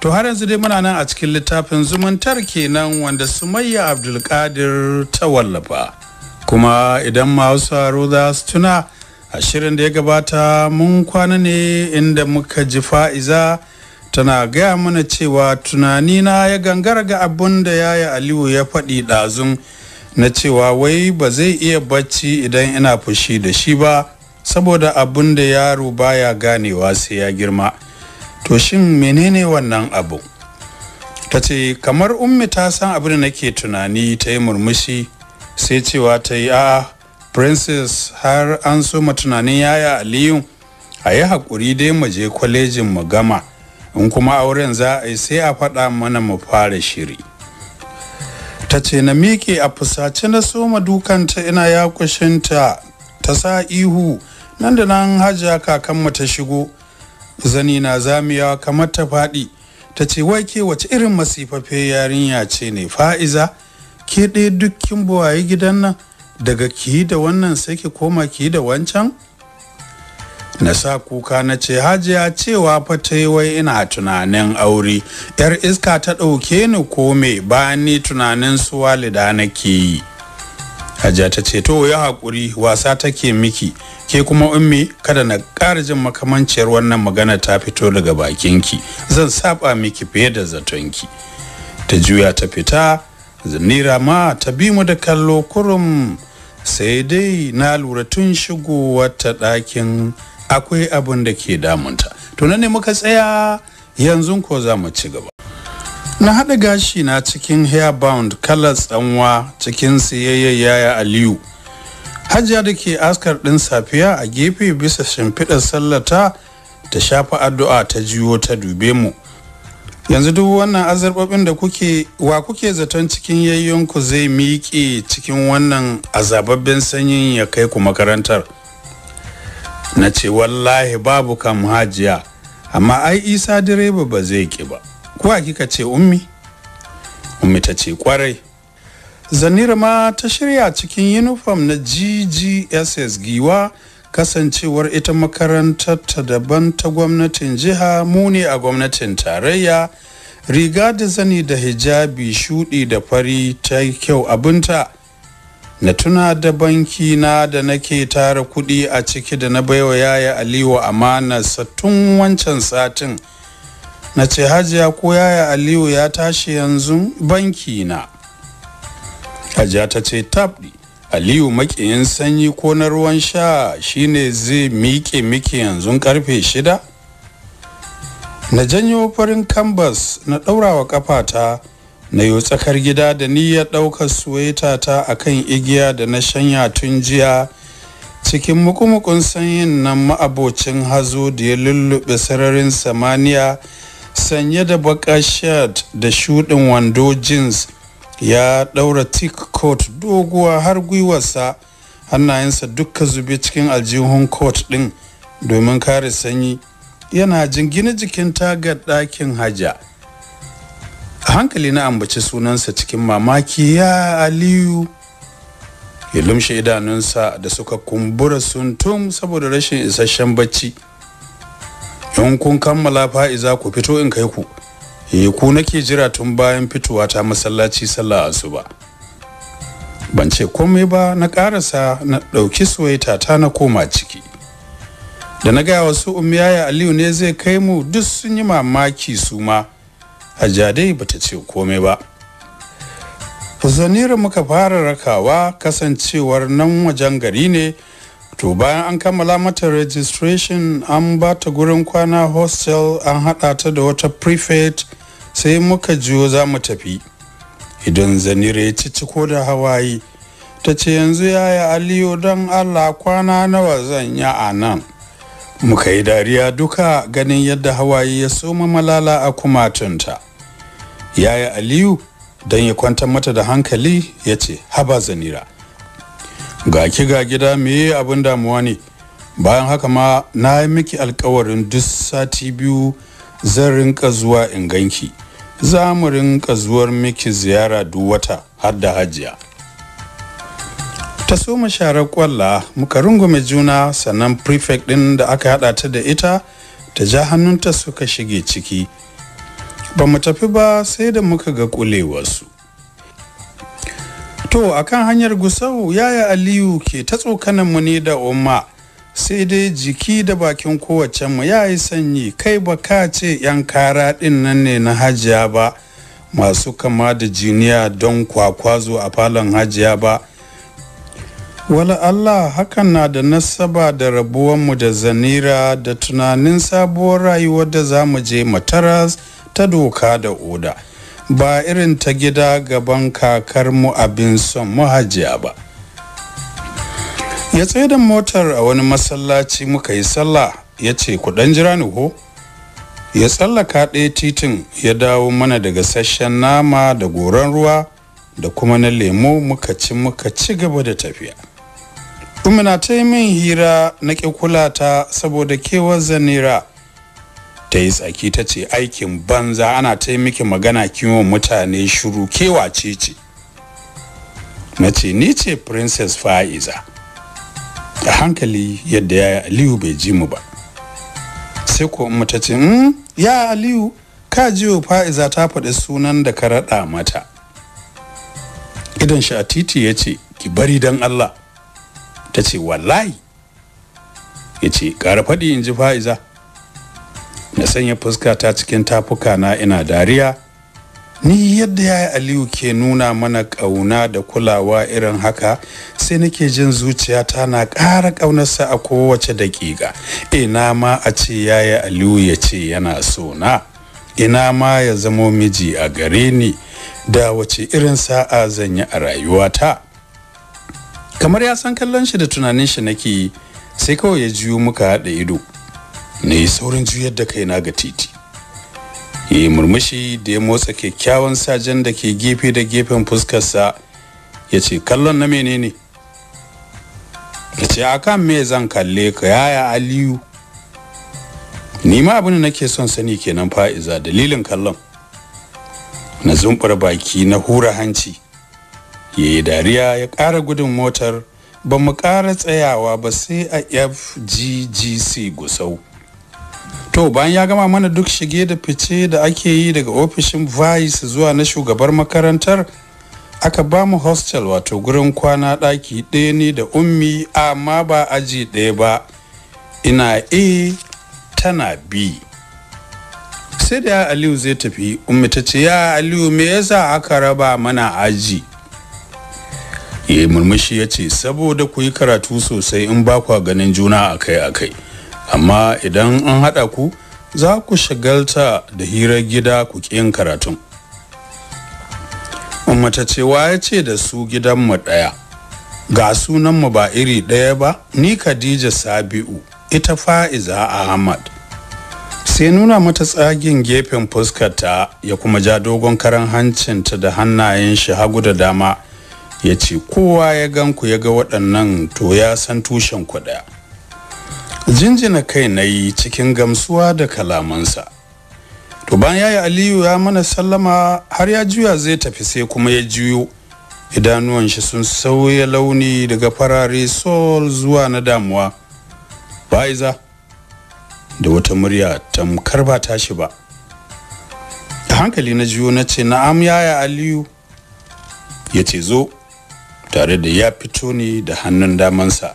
to har yanzu dai muna nan a cikin littafin zumuntar kenan wanda sumayya abdulkadir ta wallafa kuma idan masu haro za su tuna a shirin da ya gabata mun kwana ne inda muka ji fa'iza tana gaya mana cewa tunani na ya gangara ga abin da ya yi aliyu ya faɗi ɗazun na cewa wai ba zai iya bacci idan ina fushi da shi ba saboda abun da yaro baya ganewa sai ya girma to shin menene wannan abu ta ce kamar ummi ta san abin da nake tunani ta yi murmushi sai cewa ta yi a princess har an soma tunanin yaya aliyu a yi haƙuri dai mu je kwalejin mu gama in kuma auren za a yi sai a faɗa mana mu fara shiri ta ce na miƙe a fusace na soma dukanta ina ya kushinta ta sa ihu nan da nan hajiya kakanmu ta shigo zani na zamiyawa kamar ta faɗi ta ce wai ke wace irin masifafe yarinya ce ne fa'iza ke ɗaya dukkin buwaye gidan nan daga ki da wannan sai ki koma ki da wancan na sa kuka na ce hajiya cewa fa ta yi wai ina tunanin aure yar iska ta ɗauke ni ko me bayan ni tunanin su walida nake yi hajiya ta ce to ya haƙuri wasa take miki ke kuma ummi kada na ƙara jin makamanciyar wannan magana ta fito daga bakinki zan saba miki fiye da zatonki ta juya ta fita zanira ma ta bi mu da kallo kurum sai dai na lura tun shigowar ta ɗakin akwai abin da ke damunta to na ne muka tsaya yanzu ko za mu ci gaba na haɗa gashi na cikin hair bound kalar tsanwa cikin siyayya yaya aliyu hajiya da ke askar ɗin safiya a gefe bisa shimfiɗar sallata ta shafa addu'a ta jiyo ta dube mu yanzu duk wannan azarbabin da kuke wa kuke zaton cikin yayyonku zai miƙe cikin wannan azababben sanyin ya kai ku makarantar na ce wallahi babu kam hajiya amma ai isa direba ba zai ki ba kuwa kika ce ummi ummi ta ce kwarai zanira ma ta shirya cikin yunifom na ggss giwa kasancewar ita makarantar ta daban ta gwamnatin jiha muni a gwamnatin tarayya riga da zani da hijabi shudi da fari ta kyau abinta na tuna da banki na da nake tara kudi a ciki da na baiwa yaya aliyu amana satun wancan satin na ce hajiya ko yaya aliyu ya tashi yanzu banki na hajiya ta ce tabdi aliyu makiyin sanyi ko na ruwan sha shine zai miƙe miki yanzu karfe shida na janyo farin kambas na ɗaurawa kafata na yi tsakar gida da niyyar ɗaukar suwaita ta kan igiya da na shanya tun jiya cikin mukumukun sanyin nan ma'abocin hazo da ya lullube sararin samaniya sanye da baka shirt da shuɗin wando jeans ya ɗaura tik coat doguwa har gwiwarsa hannayensa dukka zube cikin aljihun coat ɗin domin kare sanyi yana jingine jikin tagar ɗakin haja a hankali na ambaci sunansa cikin mamaki ya aliyu ya lumshe idanunsa da suka kumbura sun tum saboda rashin isasshen bacci in kun kammala fa'iza ku fito in kai ku yi eh, ku nake jira tun bayan fitowa ta masallaci sallah asuba ban ce komai ba na karasa na ɗauki suwaita ta na koma ciki da na gaya wasu umiyaya aliyu ne zai kai mu duk sun yi mamaki su ma hajjadai ta ce komai ba zanira muka fara rakawa kasancewar nan wajen gari ne to bayan an kammala mata registration an ba ta gurin kwana hostel an haɗa ta da wata prefect sai muka jiyo za mu tafi idan zanire ya ci ko da hawaye ta ce yanzu yaya aliyu don allah kwana nawa zan yi a nan muka yi dariya duka ganin yadda hawaye ya soma malala a kumatunta yaya aliyu don ya kwantar mata da hankali ya ce haba zanira ga ki ga gida me abin damuwa ne bayan haka ma na yi miki alkawarin duk sati biyu zan rinka zuwa in ganki za mu rinka zuwar miki ziyara duk wata har da hajiya ta so mu share kwalla muka rungume juna sannan prefect din da aka hada ta da ita ta ja hannunta suka shige ciki ba mu tafi ba sai da muka ga kulewarsu To a kan hanyar Gusau yaya Aliyu ke ta tsokanan mu ne da umma sai dai jiki da bakin kowace mu ya yi sanyi kai ba ka ce 'yan kara din nan ne na hajiya ba masu kama da jiniya don kwakwazo a falon hajiya ba. Wala Allah hakan na da nasaba da rabuwanmu da zanira da tunanin sabuwar rayuwar da zamu je mataras ta doka da oda. ba irin ta gida gaban kakarmu abin son mahajiya ba ya tsaye da motar a wani masallaci muka yi sallah ya ce kudan jira ni ho ya tsallaka ɗaya titin ya dawo mana daga sashen nama da goron ruwa da kuma na lemo muka ci muka ci gaba da tafiya umina ta yi min hira na ƙi kula ta saboda kewar zanira ta yi tsaki ta ce aikin banza ana ta yi miki magana kiwon mutane shuru kewa ce ce na ce ni ce princess fa'iza a hankali yadda ya aliyu bai ji mu ba sai ko in ta ce mm, ya aliyu ka jiyo fa'iza ta faɗi sunan da ka raɗa mata idan shi a titi ya ce ki bari don allah ta ce wallahi ya ce ƙara faɗi in ji fa'iza na sanya fuska ta cikin tafuka na ina dariya ni yadda ya aliyu ke nuna mana ƙauna da kulawa irin haka sai nake jin zuciya ta na ƙara ƙaunarsa a kowace daƙiƙa ina ma a ce ya yi aliyu ya ce yana so na ina ma ya zamo miji a gare ni da wace irin sa'a zan yi a rayuwata kamar ya san kallon shi da tunanin shi nake sai kawai ya jiyo muka haɗa ido na saurin juyar da kaina ga titi ya yi murmushi da ya motsa kyakkyawan sajen da ke gefe da gefen fuskarsa ya ce kallon na menene ya ce a kan me zan kalle ka yaya aliyu ni ma abin da nake son sani kenan fa'iza dalilin kallon na zumbar baki na hura hanci ya yi dariya ya ƙara gudun motar ba mu ƙara tsayawa ba sai a fggc gusau to bayan ya gama mana duk shige da fice da ake yi daga ofishin vice zuwa na shugabar makarantar aka ba mu hostel wato gurin kwana ɗaki ɗaya ne da ummi amma ba aji ɗaya ba ina a tana b sai da ya aliyu zai tafi ummi ta ce ya aliyu me yasa aka raba mana aji ya yi murmushi ya ce saboda ku yi karatu sosai in ba kwa ganin juna akai akai amma idan an haɗa ku za ku shigalta da hirar gida ku yin karatun ummata cewa ya ce da su gidanmu ɗaya ga sunanmu ba iri ɗaya ba ni khadija sabi'u ita fa'iza ahmad sai nuna mata tsagin gefen fuskarta ya kuma ja dogon karan hancinta da hannayen shi hagu da dama ya ce kowa ya gan ku ya ga waɗannan to ya san tushen ku ɗaya jinjina kai na yi cikin gamsuwa da kalamansa to bayan yayi aliyu ya mana sallama har ya juya zai tafi sai kuma ya juyo idanuwan shi sun sauya launi daga farare sol zuwa na damuwa ba'iza da wata murya tamkar ba shi ba a hankali na juyo na ce na'am yaya aliyu ya ce zo tare da ya fito ne da hannun damansa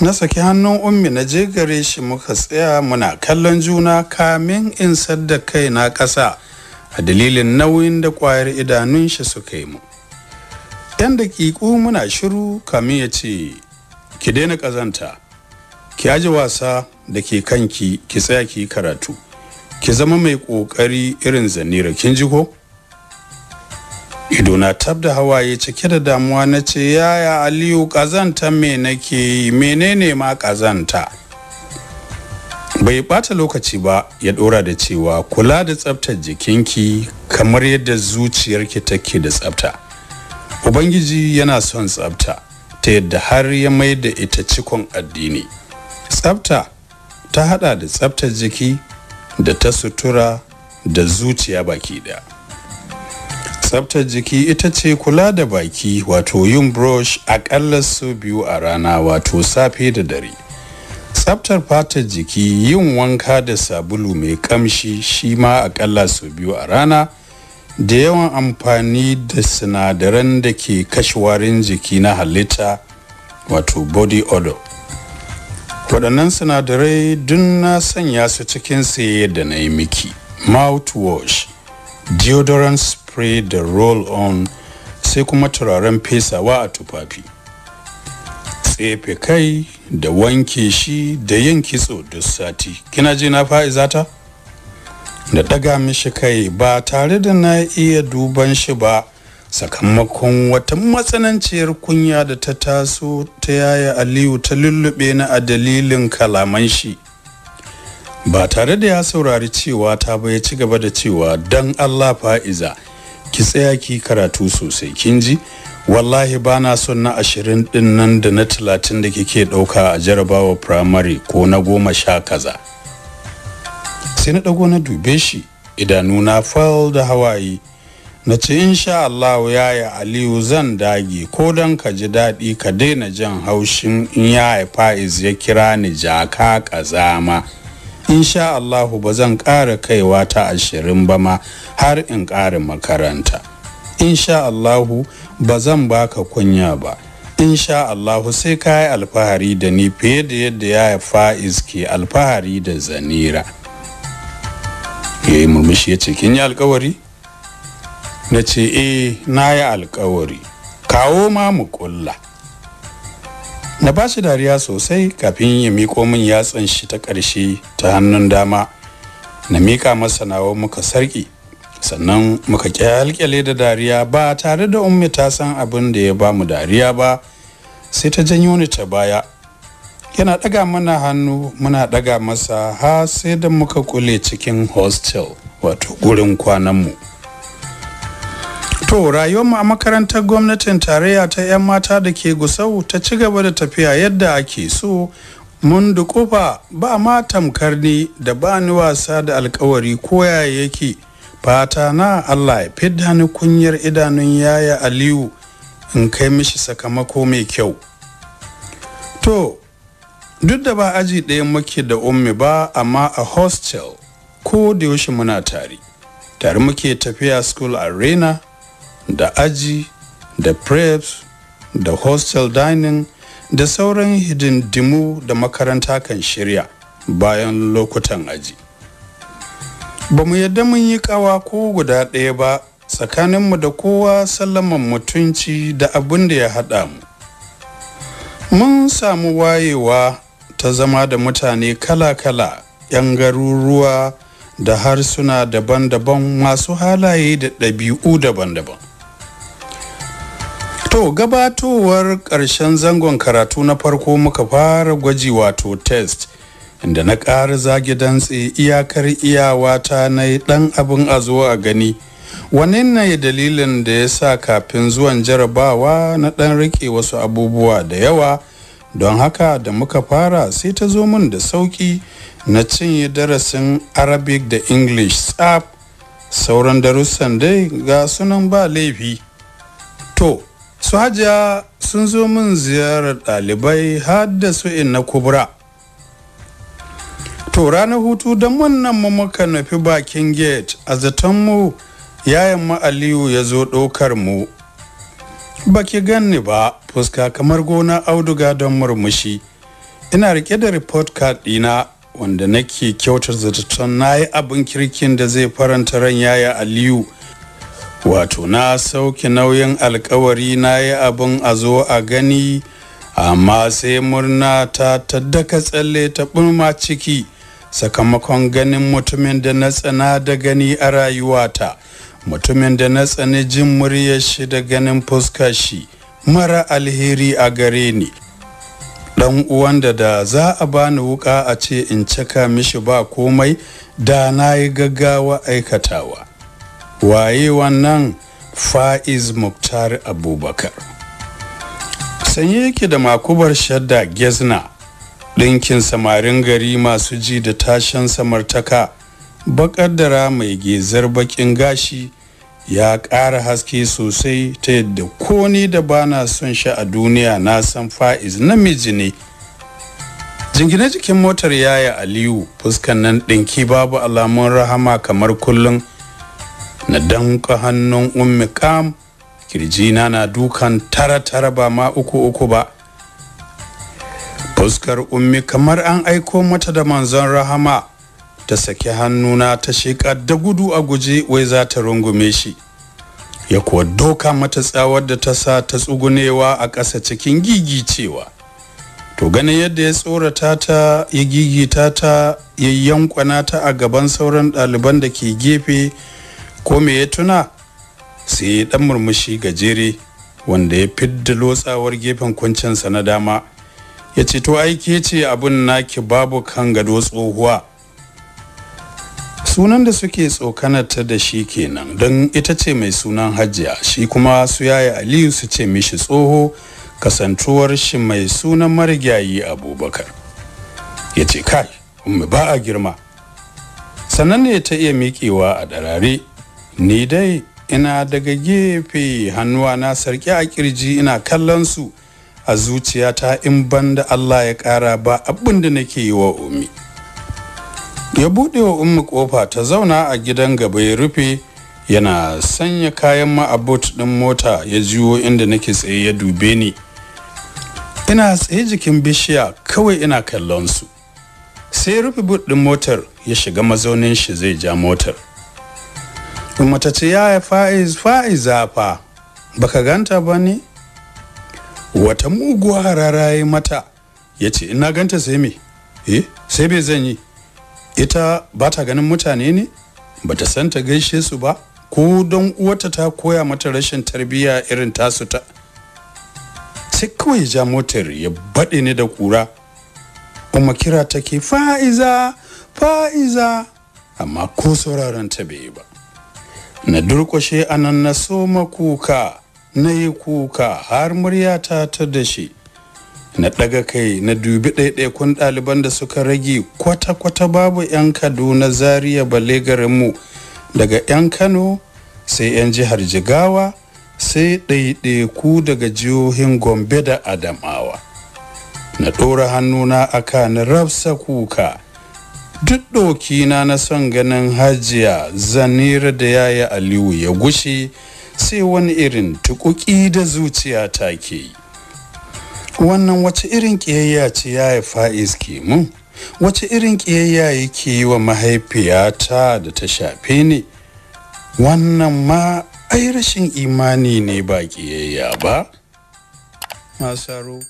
na saki hannun ummi na je gare shi muka tsaya muna kallon juna kamin in sadda kai na ƙasa a dalilin nauyin da ƙwayar idanun shi suka yi mu yan daƙiƙu muna shiru kamin ya ce ki daina ƙazanta ki aji wasa da ke kanki ki tsaya ki karatu ki zama mai ƙoƙari irin zanira kin ji ko ido na tab da hawaye cike da damuwa na ce yaya aliyu kazanta me nake yi menene ma kazanta bai bata lokaci ba ya dora da cewa kula da tsaftar jikinki kamar yadda zuciyarki take da tsabta ubangiji yana son tsabta ta yadda har ya mai da ita cikon addini tsabta ta hada da tsaftar jiki da ta sutura da zuciya baki daya tsabtar jiki ita ce kula da baki wato yin brush akalla su biyu a rana wato safe da dare tsabtar fatar jiki yin wanka da sabulu mai kamshi shi ma akalla su biyu a rana da yawan amfani da sinadaran da ke kashewarin jiki na halitta wato body odor waɗannan sinadarai dun na sanya su cikin saye da na yi miki mouthwash deodorant spray da roll on sai kuma turaren fesawa a tufafi tsefe kai da wanke shi da yin kitso duk sati kina ji na fa'iza ta da daga mishi kai ba tare da na iya duban shi ba sakamakon wata matsananciyar kunya da ta taso ta yaya aliyu ta lullube na a dalilin kalaman shi ba tare da ya saurari cewa ta bai ci gaba da cewa don allah fa'iza ki tsaya ki karatu sosai kin ji wallahi ba na son na ashirin din nan da na talatin da kike ɗauka a jarabawa primary ko na goma sha kaza sai na ɗago na dube shi idanuna fal da hawaye na ce insha Allah yaya aliyu zan dage ko don ka ji daɗi ka daina jan haushin in ya haifa ya kira ni jaka ƙazama. insha Allahu ba zan ƙara kaiwa ta ashirin ba ma har in ƙara makaranta insha Allahu ba zan baka kunya ba insha Allahu sai ka yi alfahari da ni fiye da yadda ya fa'iz ke alfahari da zanira ya yi murmushi ya ce kin yi alkawari na ce eh na yi alkawari kawo ma mu ƙulla na ba shi dariya sosai kafin ya miko min yatsan shi ta ƙarshe ta hannun dama na miƙa masa nawa muka sarki sannan muka kyalkyale da dariya ba tare da ummi ta san abin da ya ba mu dariya ba sai ta janyo ni ta baya yana ɗaga mana hannu muna ɗaga masa har sai da muka kule cikin hostel wato gurin kwananmu mu To rayuwarmu a makarantar gwamnatin tarayya ta 'yan mata da ke gusau ta ci gaba da tafiya yadda ake so mun dukufa ba ma tamkar ni da ba ni wasa da alkawari koya yake fata na Allah ya fidda ni kunyar idanun yaya Aliyu in kai mishi sakamako mai kyau. To duk da ba aji ɗaya muke da ummi ba amma a hostel ko da yaushe muna tare. Tare muke tafiya school arena da aji da preps da hostel dining da sauran hidindimu da makaranta kan shirya bayan lokutan aji ba mu yadda mun yi kawa ko guda ɗaya ba tsakaninmu da kowa sallaman mutunci da abin da ya haɗa mu mun samu wayewa ta zama da mutane kala-kala 'yan garuruwa da harsuna daban-daban masu halaye da ɗabi'u daban-daban To gabatowar ƙarshen zangon karatu na farko muka fara gwaji wato test inda na ƙara zage dantse iyakar iyawa ta na ɗan abin a zo a gani. Wannan na dalilin da ya sa kafin zuwan jarabawa na ɗan riƙe wasu abubuwa da yawa don haka da muka fara sai ta zo min da sauƙi na cinye darasin Arabic da English tsaf sauran darussan dai ga sunan ba laifi. To, su hajiya sun zo min ziyarar ɗalibai har da su inna kubra to ranar hutu don wannan mamaka nufi bakin gate a zaton mu yayan ma aliyu ya zo ɗaukar mu ba ki ganni ba fuska kamar gona auduga don murmushi ina rike da report card dina wanda nake kyautar zaton na yi abin kirkin da zai faranta ran yaya aliyu wato na sauke nauyin alkawari na yi abin a zo a gani amma sai murna ta taddaka tsalle ta ɓulma ciki sakamakon ganin mutumin da na tsana da gani a rayuwata mutumin da na tsani jin muryar shi da ganin fuskar shi mara alheri a gare ni dan uwan da da za a bani wuka a ce in cika mishi ba komai da na yi gaggawa aikatawa waye wannan fa'iz muktar abubakar sanye yake da makubar shadda gezna ɗinkin samarin gari masu ji da tashin samartaka baƙaddara mai gezar baƙin gashi ya ƙara haske sosai ta yadda ko ni da ba na son shi a duniya na san fa'iz namiji ne jingine jikin motar yaya aliyu fuskan nan ɗinki babu alamun rahama kamar kullum na danka hannun ummi kam kirjina na dukan tara-tara ba ma uku-uku ba fuskar ummi kamar an aiko mata da manzon rahama ta saki hannuna ta shika da gudu a guje wai za ta rungume shi ya kuwa doka mata tsawar da ta sa ta tsugunewa a ƙasa cikin gigi cewa. to ganin yadda ya tsorata ta ya ta ta ya yankwana ta a gaban sauran ɗaliban da ke gefe ko me ya tuna sai dan murmushi gajere wanda ya fidda lotsawar gefen kwancinsa na dama ya ce to aiki ce abin naki babu kan gado tsohuwa sunan da suke tsokanata da shi kenan don ita ce mai sunan hajiya shi kuma su yaya aliyu su ce mishi tsoho kasantuwar shi mai sunan marigayi abubakar ya ce kai ba a girma sannan ne ta iya miƙewa a darare ni dai ina daga gefe hannuwa na sarki a kirji ina kallon su a zuciyata in banda Allah ya ƙara ba abin da nake yi wa umi ya buɗe wa ummi ƙofa ta zauna a gidan gaba ya rufe yana sanya kayan ma'abot ɗin mota ya jiwo inda nake tsaye ya dube ni ina tsaye jikin bishiya kawai ina kallon su sai rufe but ɗin motar ya shiga mazaunin shi zai ja motar mata ce ya fa'iz fa'iza fa baka ganta ba ne wata muguwa ya mata ya ce ina ganta sai me eh sai bai zan yi ita ba ta ganin mutane ne ba ta san ta gaishe su ba ko don uwarta ta koya mata rashin tarbiyya irin tasu ta sai kawai ja motar ya baɗe ni da kura kuma kira take fa'iza fa'iza amma ko sauraron ta bai yi ba na durƙushe a nan na soma kuka na yi kuka har muryata ta dashe na ɗaga kai na dubi ɗaiɗaikun ɗaliban da suka rage kwata-kwata babu 'yan kaduna zaria bale garinmu daga 'yan kano sai 'yan jihar jigawa sai ɗaiɗaiku daga jihohin gombe da adamawa na ɗora hannuna a kanin rafsa kuka duk dokina na son ganin hajiya zanira da yaya aliyu ya gushe sai wani irin tukuki da zuciya ta ke yi wannan wace irin ƙiyayya ce yaya fa'is ke mun wace irin ƙiyayya yake yi wa mahaifiyata da ta shafe ne? wannan ma ai rashin imani ne ba ƙiyayya ba masaro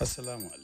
assalamu alaikum